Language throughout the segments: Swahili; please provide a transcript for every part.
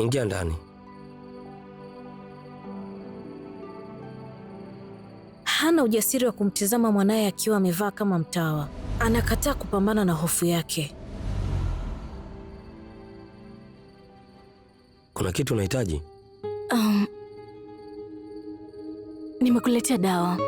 Ingia ndani. Hana ujasiri wa kumtizama mwanaye akiwa amevaa kama mtawa. Anakataa kupambana na hofu yake. Kuna kitu unahitaji? Um, nimekuletea dawa.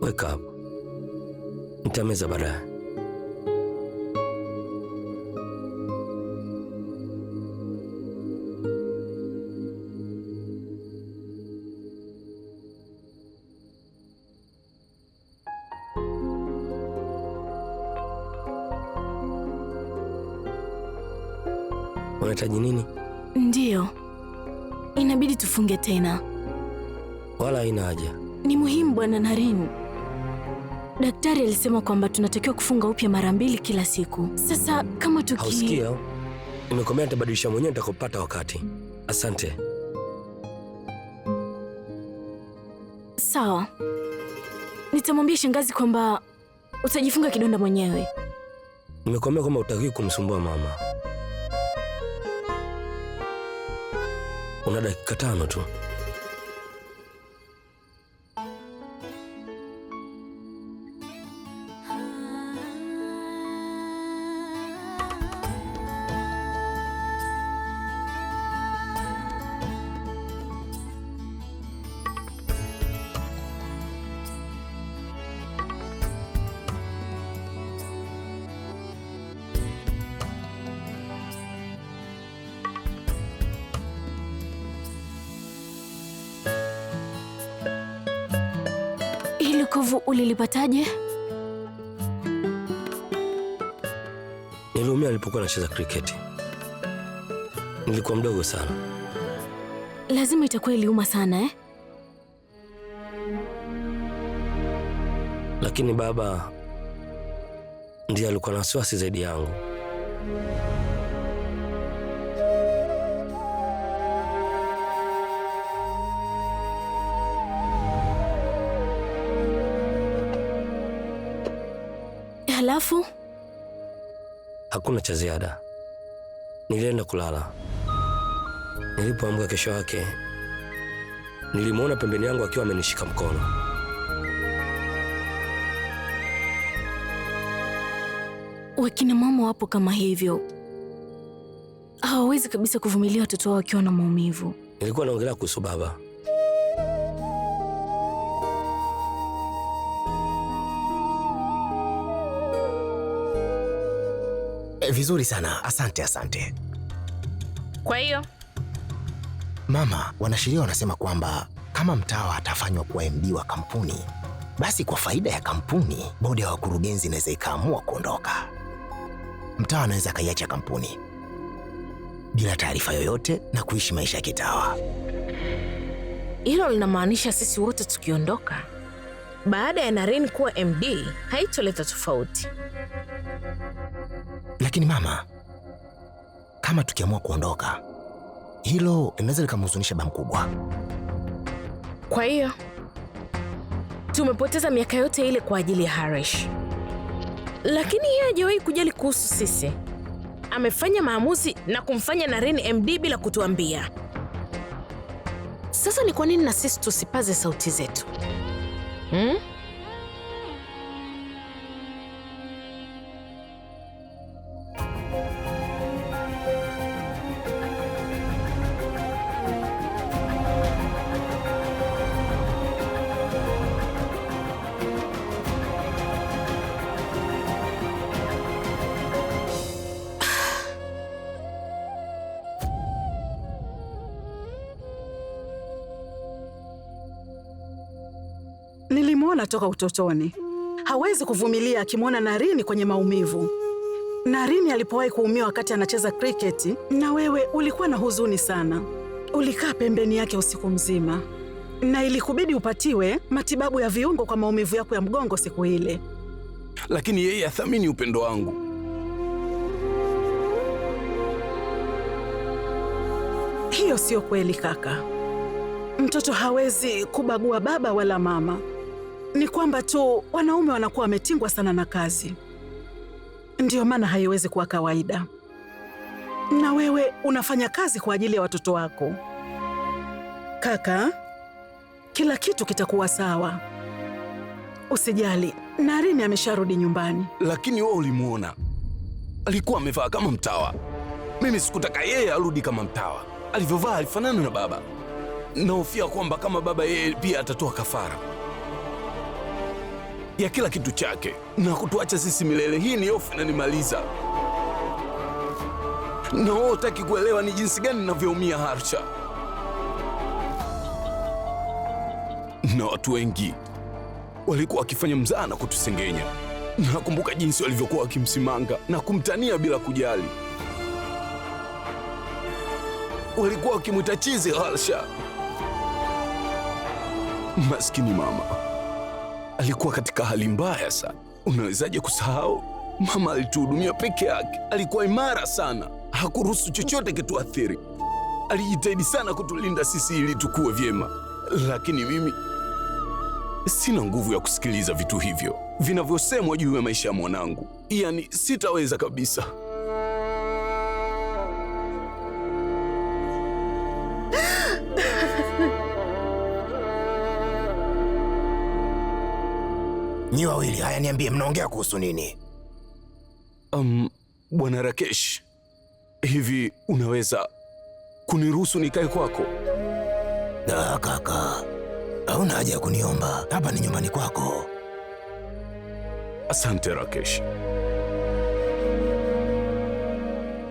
Weka hapo, nitameza baadaye. unahitaji nini? Ndiyo, inabidi tufunge tena. Wala haina haja. Ni muhimu Bwana Naren. Daktari alisema kwamba tunatakiwa kufunga upya mara mbili kila siku. Sasa kama tuki... Hausikia? Nimekomea, nitabadilisha mwenyewe nitakopata wakati. Asante. Sawa, nitamwambia shangazi kwamba utajifunga kidonda mwenyewe. Nimekomea kwamba utaki kumsumbua mama. una dakika tano tu. Hilo kovu ulilipataje? Niliumia alipokuwa nacheza kriketi. Nilikuwa mdogo sana. Lazima itakuwa iliuma sana eh? Lakini baba ndiye alikuwa na wasiwasi zaidi yangu. Hakuna cha ziada, nilienda kulala. Nilipoamka kesho yake, nilimwona pembeni yangu akiwa amenishika mkono. Wakina mama wapo kama hivyo, hawawezi kabisa kuvumilia watoto wao wakiwa na maumivu. Nilikuwa naongelea kuhusu baba Vizuri sana, asante asante. Kwa hiyo mama, wanasheria wanasema kwamba kama mtawa atafanywa kuwa MD wa kampuni, basi kwa faida ya kampuni, bodi ya wakurugenzi inaweza ikaamua kuondoka. Mtawa anaweza akaiacha kampuni bila taarifa yoyote na kuishi maisha ya kitawa. Hilo linamaanisha sisi wote tukiondoka, baada ya Naren kuwa MD haitoleta tofauti. Lakini mama, kama tukiamua kuondoka, hilo linaweza likamhuzunisha baba mkubwa. Kwa hiyo tumepoteza miaka yote ile kwa ajili ya Harish, lakini yeye hajawahi kujali kuhusu sisi. Amefanya maamuzi na kumfanya Naren MD bila kutuambia. Sasa ni kwa nini na sisi tusipaze sauti zetu hmm? Simba toka utotoni. Hawezi kuvumilia akimwona Narini kwenye maumivu. Narini alipowahi kuumia wakati anacheza kriketi, na wewe ulikuwa na huzuni sana, ulikaa pembeni yake usiku mzima, na ilikubidi upatiwe matibabu ya viungo kwa maumivu yako ya mgongo siku ile. Lakini yeye athamini upendo wangu. Hiyo siyo kweli kaka. Mtoto hawezi kubagua baba wala mama. Ni kwamba tu wanaume wanakuwa wametingwa sana na kazi, ndiyo maana haiwezi kuwa kawaida. Na wewe unafanya kazi kwa ajili ya watoto wako. Kaka, kila kitu kitakuwa sawa, usijali. narini amesharudi nyumbani. Lakini wewe ulimwona, alikuwa amevaa kama mtawa. Mimi sikutaka yeye arudi kama mtawa. Alivyovaa alifanana na baba. Nahofia kwamba kama baba, yeye pia atatoa kafara ya kila kitu chake na kutuacha sisi milele. Hii ni hofu inanimaliza, na wewe hutaki kuelewa ni jinsi gani ninavyoumia Harsha na watu wengi walikuwa wakifanya mzaa na kutusengenya. Nakumbuka jinsi walivyokuwa wakimsimanga na kumtania bila kujali. Walikuwa wakimwita chizi Harsha, maskini mama alikuwa katika hali mbaya sana. Unawezaje kusahau? Mama alituhudumia peke yake, alikuwa imara sana, hakuruhusu chochote kituathiri. Alijitahidi sana kutulinda sisi ili tukue vyema, lakini mimi sina nguvu ya kusikiliza vitu hivyo vinavyosemwa juu ya maisha ya mwanangu. Yaani sitaweza kabisa. Nyi wawili, haya niambie, mnaongea kuhusu nini? Um, Bwana Rakesh, hivi unaweza kuniruhusu nikae kwako? Da, kaka, hauna haja ya kuniomba, hapa ni nyumbani kwako. Asante Rakesh.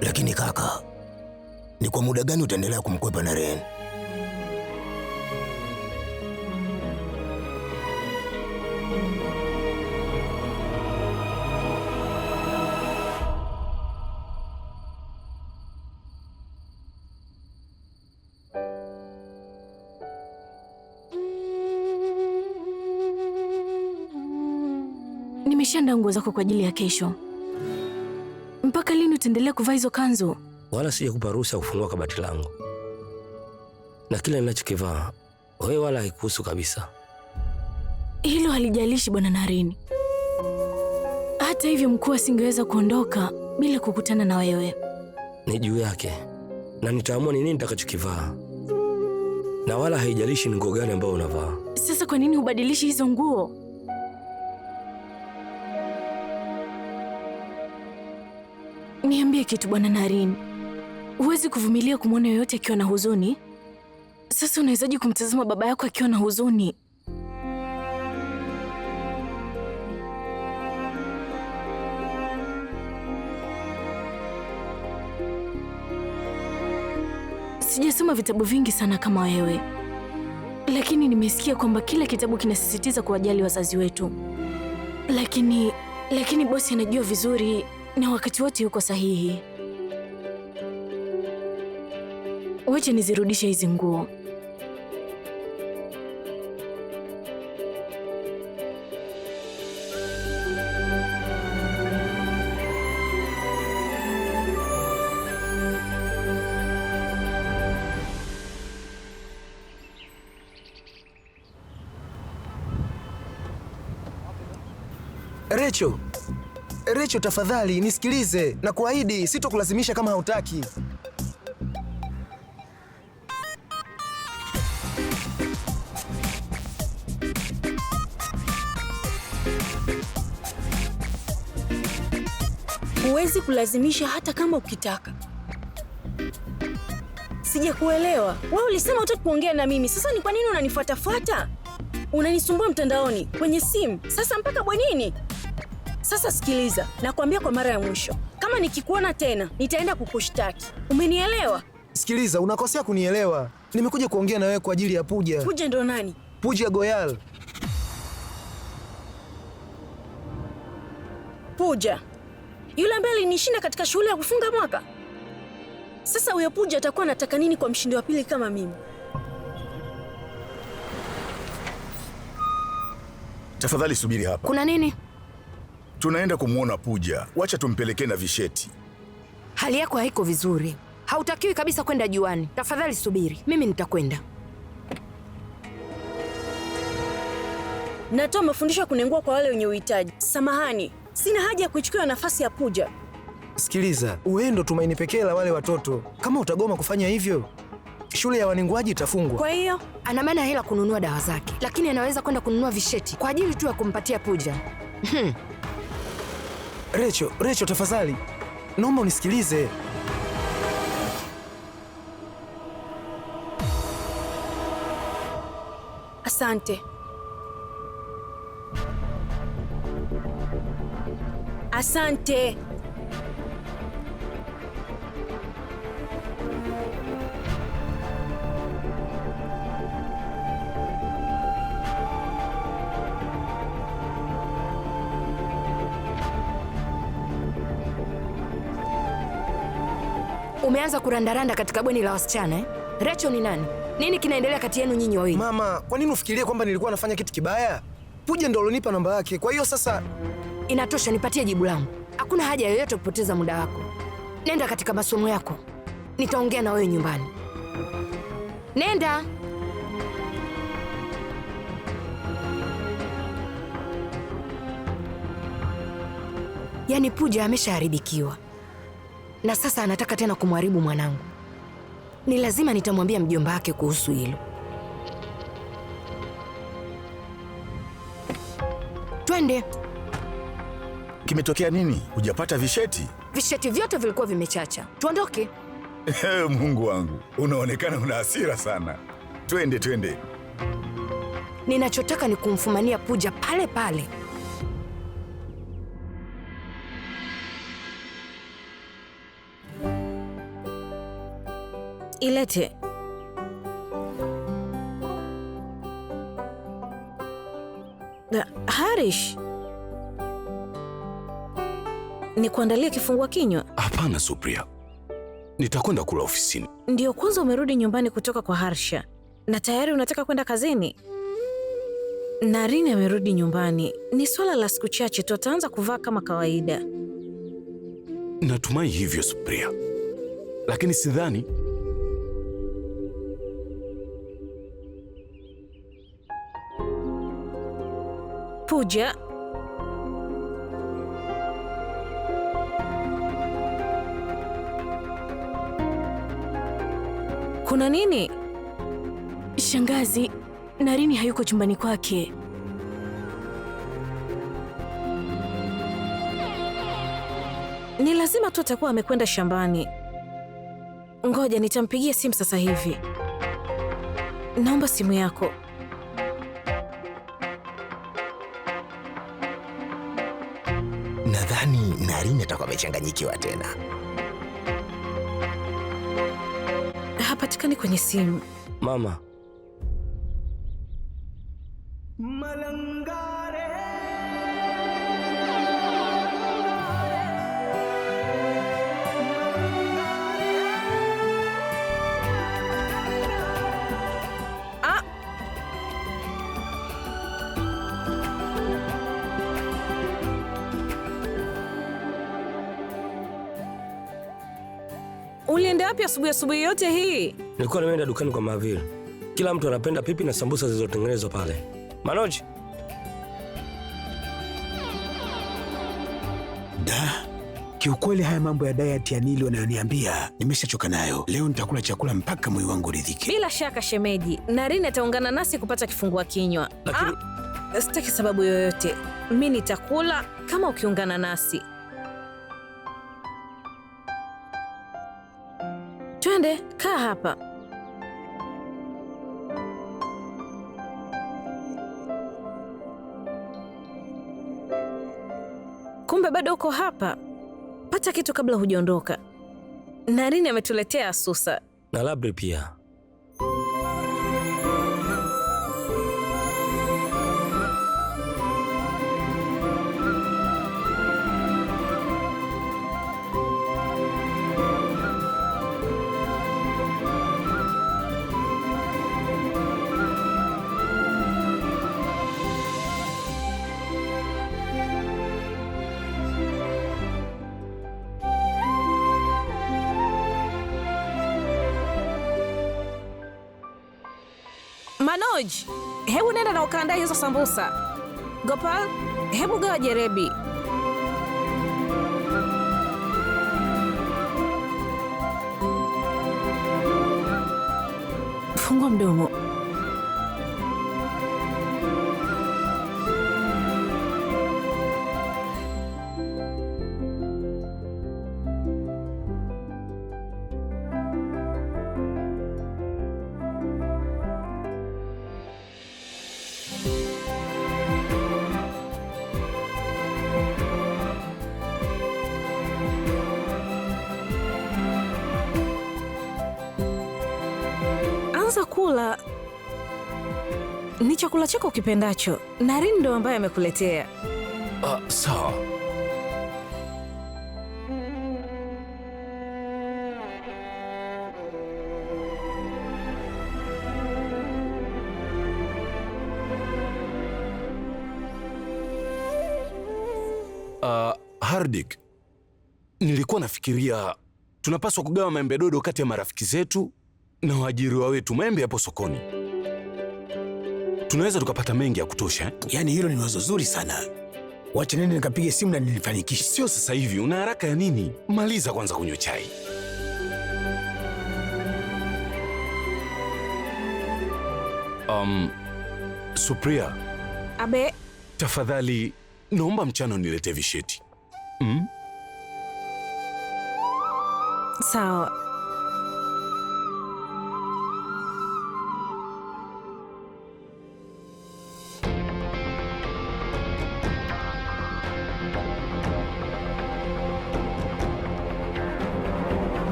Lakini kaka, ni kwa muda gani utaendelea kumkwepa Naren? Nimeshaandaa nguo zako kwa ajili ya kesho. Mpaka lini utaendelea kuvaa hizo kanzu? Wala sijakupa ruhusa ya kufungua kabati langu, na kila ninachokivaa wewe wala haikuhusu kabisa. Hilo halijalishi Bwana narini Hata hivyo, mkuu asingeweza kuondoka bila kukutana na wewe. Ni juu yake, na nitaamua ni nini nitakachokivaa, na wala haijalishi ni nguo gani ambayo unavaa. Sasa kwa nini hubadilishi hizo nguo? Nikwambie kitu bwana Naren, huwezi kuvumilia kumwona yoyote akiwa na huzuni. Sasa unawezaje kumtazama baba yako akiwa na huzuni? Sijasoma vitabu vingi sana kama wewe, lakini nimesikia kwamba kila kitabu kinasisitiza kuwajali wazazi wetu. Lakini lakini bosi anajua vizuri na wakati wote yuko sahihi. Wacha nizirudishe hizi nguo. Rachel Recho, tafadhali nisikilize na kuahidi sitokulazimisha kama hautaki. Huwezi kulazimisha hata kama ukitaka. Sijakuelewa. Wewe ulisema utaki kuongea na mimi, sasa ni kwa nini unanifuatafuata? Unanisumbua mtandaoni, kwenye simu, sasa mpaka bwenini. Sasa sikiliza, nakwambia kwa mara ya mwisho, kama nikikuona tena nitaenda kukushtaki. Umenielewa? Sikiliza, unakosea kunielewa. Nimekuja kuongea na wewe kwa ajili ya Puja. Puja ndo nani? Puja Goyal. Puja yule ambaye alinishinda katika shughuli ya kufunga mwaka. Sasa huyo Puja atakuwa anataka nini kwa mshindi wa pili kama mimi? Tafadhali subiri hapa. Kuna nini? Tunaenda kumwona Puja, wacha tumpelekee na visheti. Hali yako haiko vizuri, hautakiwi kabisa kwenda juani. Tafadhali subiri, mimi nitakwenda. Natoa mafundisho ya kunengua kwa wale wenye uhitaji. Samahani, sina haja ya kuichukua nafasi ya Puja. Sikiliza, wewe ndo tumaini pekee la wale watoto. Kama utagoma kufanya hivyo, shule ya wanenguaji itafungwa. Kwa hiyo ana maana hela kununua dawa zake, lakini anaweza kwenda kununua visheti kwa ajili tu ya kumpatia Puja. Hmm. Recho, Recho, tafadhali naomba unisikilize. Asante, asante. umeanza kurandaranda katika bweni la wasichana eh? Rachel ni nani? Nini kinaendelea kati yenu nyinyi wawili? Mama, kwa nini ufikirie kwamba nilikuwa nafanya kitu kibaya? puja ndo alonipa namba yake, kwa hiyo sasa inatosha. Nipatie jibu langu. Hakuna haja yoyote kupoteza muda wako, nenda katika masomo yako, nitaongea na wewe nyumbani. Nenda. Yaani Puja ameshaharibikiwa na sasa anataka tena kumharibu mwanangu. Ni lazima nitamwambia mjomba wake kuhusu hilo. Twende. Kimetokea nini? Hujapata visheti? Visheti vyote vilikuwa vimechacha. Tuondoke. Mungu wangu, unaonekana una hasira sana. Twende, twende. Ninachotaka ni kumfumania Puja pale pale. ilete. Harish, ni kuandalia kifungua kinywa? Hapana Supriya, nitakwenda kula ofisini. ndio kwanza umerudi nyumbani kutoka kwa Harsha na tayari unataka kwenda kazini? Naren amerudi nyumbani, ni swala la siku chache tu, ataanza kuvaa kama kawaida. Natumai hivyo Supriya, lakini sidhani moja kuna nini? Shangazi, narini hayuko chumbani kwake. Ni lazima tu atakuwa amekwenda shambani. Ngoja nitampigia simu sasa hivi. Naomba simu yako. Nadhani Naren atakuwa amechanganyikiwa tena. Hapatikani kwenye simu. Mama, unaenda wapi asubuhi asubuhi yote hii? Nilikuwa nimeenda dukani kwa Mavil. Kila mtu anapenda pipi na sambusa zilizotengenezwa pale. Manoj, da Kiukweli, haya mambo ya diet ya Nili wanayoniambia nimeshachoka nayo. Leo nitakula chakula mpaka mwili wangu uridhike. Bila shaka, shemeji narin ataungana nasi kupata kifungua kinywa. Lakini... ah, sitaki sababu yoyote, mi nitakula kama ukiungana nasi. Konde, kaa hapa. Kumbe bado uko hapa. Pata kitu kabla hujaondoka. narini ametuletea Asusa na Labri pia. Manoj, hebu nenda na ukaandae hizo sambusa. Gopal, hebu gawa jerebi. chakula ni chakula chako kipendacho Naren ndo ambaye amekuletea. Uh, sawa. Ah, Hardik, nilikuwa nafikiria tunapaswa kugawa maembe dodo kati ya marafiki zetu na waajiriwa wetu maembe hapo sokoni, tunaweza tukapata mengi ya kutosha. Eh? Yaani hilo ni wazo zuri sana, wacha nene nikapige simu na nilifanikisha. Sio sasa hivi, una haraka ya nini? Maliza kwanza kunywa chai. Um, Supriya. Abe. Tafadhali naomba mchana nilete visheti. Mm? Sawa.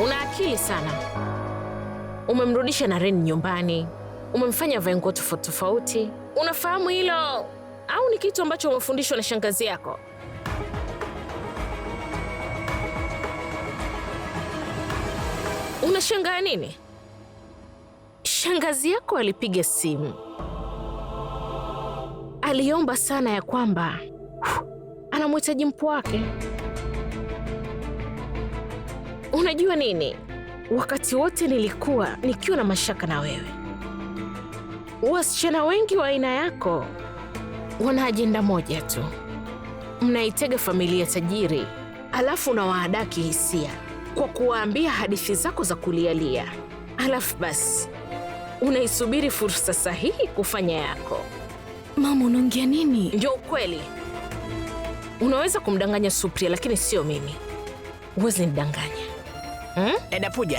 Una akili sana. Umemrudisha Naren nyumbani, umemfanya avae nguo tofauti tofauti. Unafahamu hilo au ni kitu ambacho umefundishwa na shangazi yako? Unashangaa nini? Shangazi yako alipiga simu, aliomba sana ya kwamba anamhitaji mpwa wake. Unajua nini, wakati wote nilikuwa nikiwa na mashaka na wewe. Wasichana wengi wa aina yako wana ajenda moja tu, mnaitega familia tajiri, alafu unawaadaa kihisia kwa kuwaambia hadithi zako za kulialia, alafu basi unaisubiri fursa sahihi kufanya yako. Mama, unaongea nini? Ndio ukweli. Unaweza kumdanganya Supriya, lakini sio mimi. Huwezi nidanganya. Hmm? Dada Puja,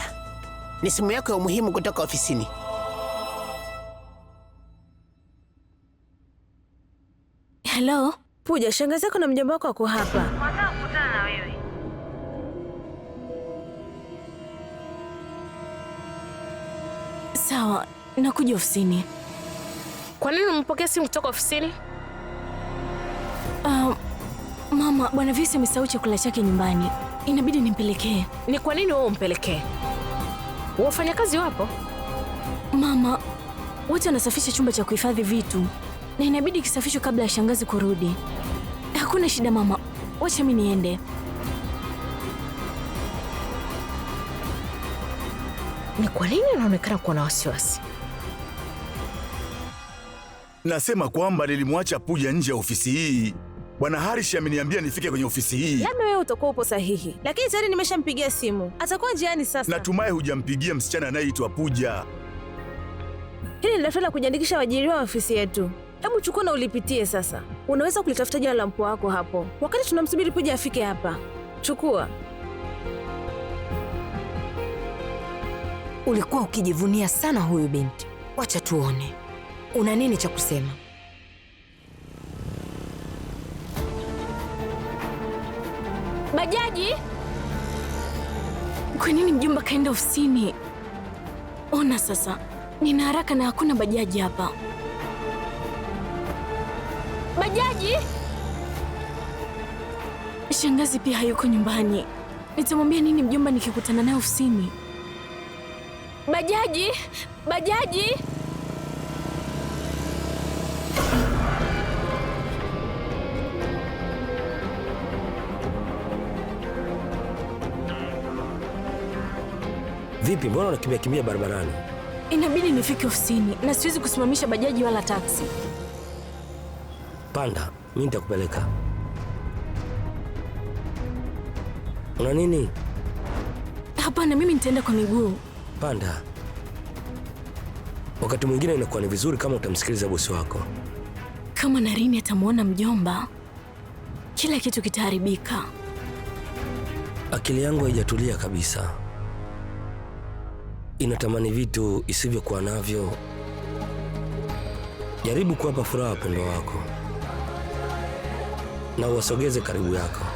ni simu yako ya umuhimu kutoka ofisini. Hello? Puja, shangazi yako na mjomba wako wako hapa. Wanataka kukutana na wewe. Sawa, nakuja ofisini. Kwa nini umpokea simu kutoka ofisini? Uh, mama, Bwana Visi amesahau chakula chake nyumbani. Inabidi nimpelekee. Ni kwa nini wewe umpelekee? Wafanyakazi wapo mama, wote wanasafisha chumba cha kuhifadhi vitu na inabidi kisafishwe kabla ya shangazi kurudi. Hakuna shida mama, wacha mimi niende. Ni kwa nini anaonekana kuwa na wasiwasi? Nasema kwamba nilimwacha Puja nje ya ofisi hii Bwana Harish ameniambia nifike kwenye ofisi hii. Labda wewe utakuwa upo sahihi, lakini tayari nimeshampigia simu, atakuwa njiani sasa. Natumai hujampigia msichana anayeitwa Puja. Hili ni daftari la kujiandikisha waajiriwa wa ofisi yetu. Hebu chukua na ulipitie sasa. Unaweza kulitafuta jina la mpo wako hapo, wakati tunamsubiri Puja afike hapa. Chukua. Ulikuwa ukijivunia sana huyu binti, wacha tuone una nini cha kusema. Bajaji, kwa nini mjomba kaenda ofisini? Ona sasa, nina haraka na hakuna bajaji hapa. Bajaji! Shangazi pia hayuko nyumbani. Nitamwambia nini mjomba nikikutana naye ofisini? Bajaji! Bajaji! Vipi, mbona unakimbia kimbia barabarani? Inabidi nifike ofisini na siwezi kusimamisha bajaji wala taksi. Panda, mimi nitakupeleka. Una nini? Hapana, mimi nitaenda kwa miguu. Panda. Wakati mwingine inakuwa ni vizuri kama utamsikiliza bosi wako. Kama narini atamwona mjomba, kila kitu kitaharibika. Akili yangu haijatulia kabisa inatamani vitu isivyokuwa navyo. Jaribu kuwapa furaha wapendwa wako na uwasogeze karibu yako.